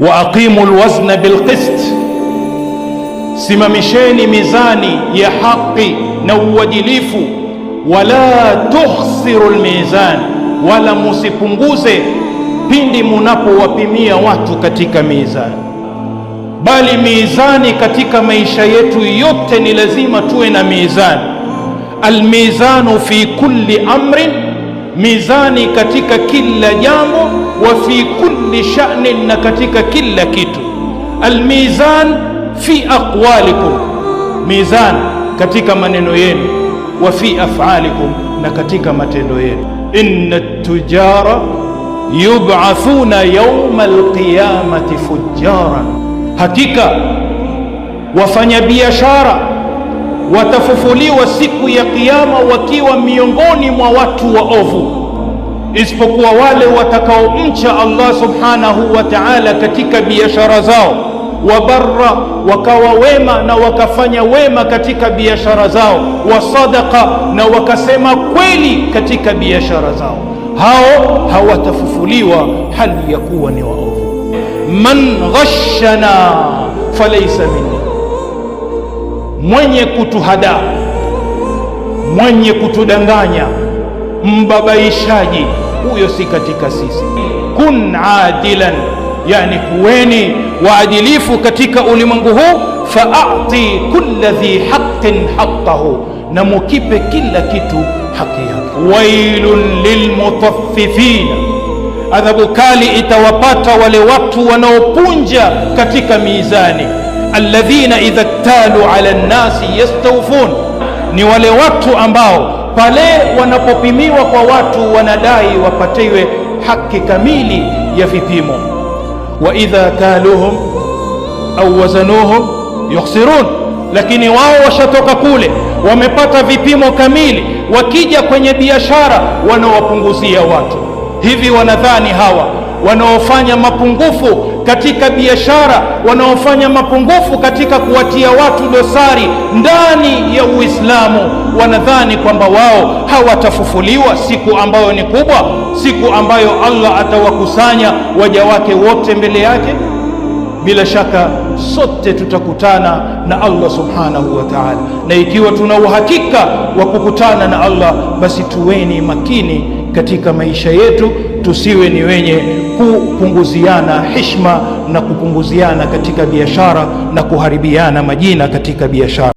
wa aqimu lwazna bilqist, simamisheni mizani ya haqi na uadilifu. Wala tuhsiru lmizan, wala musipunguze pindi munapowapimia watu katika mizani, bali mizani katika maisha yetu yote ni lazima tuwe na mizani. Almizanu fi kulli amrin mizani katika kila jambo, wa fi kulli sha'nin, na katika kila kitu. Almizan fi aqwalikum, mizan katika maneno yenu, wa fi af'alikum, na katika matendo yenu. Inna tujara yub'athuna yawma alqiyamati fujara hakika wafanyabiashara watafufuliwa siku ya Kiyama wakiwa miongoni mwa watu waovu, isipokuwa wale watakaomcha Allah subhanahu wa ta'ala katika biashara zao, wabarra, wakawa wema na wakafanya wema katika biashara zao, wasadaka na wakasema kweli katika biashara zao. Hao hawatafufuliwa hali ya kuwa ni waovu. man ghashana falaysa minna mwenye kutuhada, mwenye kutudanganya, mbabaishaji, huyo si katika sisi. Kun adilan, yani kuweni waadilifu katika ulimwengu huu. Faati kulli dhi haqqin haqqahu, na mukipe kila kitu haki yake. Wailun lilmutaffifina, adhabu kali itawapata wale watu wanaopunja katika mizani alladhina idha ktalu ala lnasi yastawfun, ni wale watu ambao pale wanapopimiwa kwa watu wanadai wapatiwe haki kamili ya vipimo. Wa idha kaluhum au wazanuhum yukhsirun, lakini wao washatoka kule wamepata vipimo kamili, wakija kwenye biashara wanawapunguzia watu. Hivi wanadhani hawa wanaofanya mapungufu katika biashara, wanaofanya mapungufu katika kuwatia watu dosari ndani ya Uislamu, wanadhani kwamba wao hawatafufuliwa siku ambayo ni kubwa, siku ambayo Allah atawakusanya waja wake wote mbele yake. Bila shaka sote tutakutana na Allah subhanahu wa ta'ala, na ikiwa tuna uhakika wa kukutana na Allah, basi tuweni makini katika maisha yetu, tusiwe ni wenye kupunguziana heshima na kupunguziana katika biashara na kuharibiana majina katika biashara.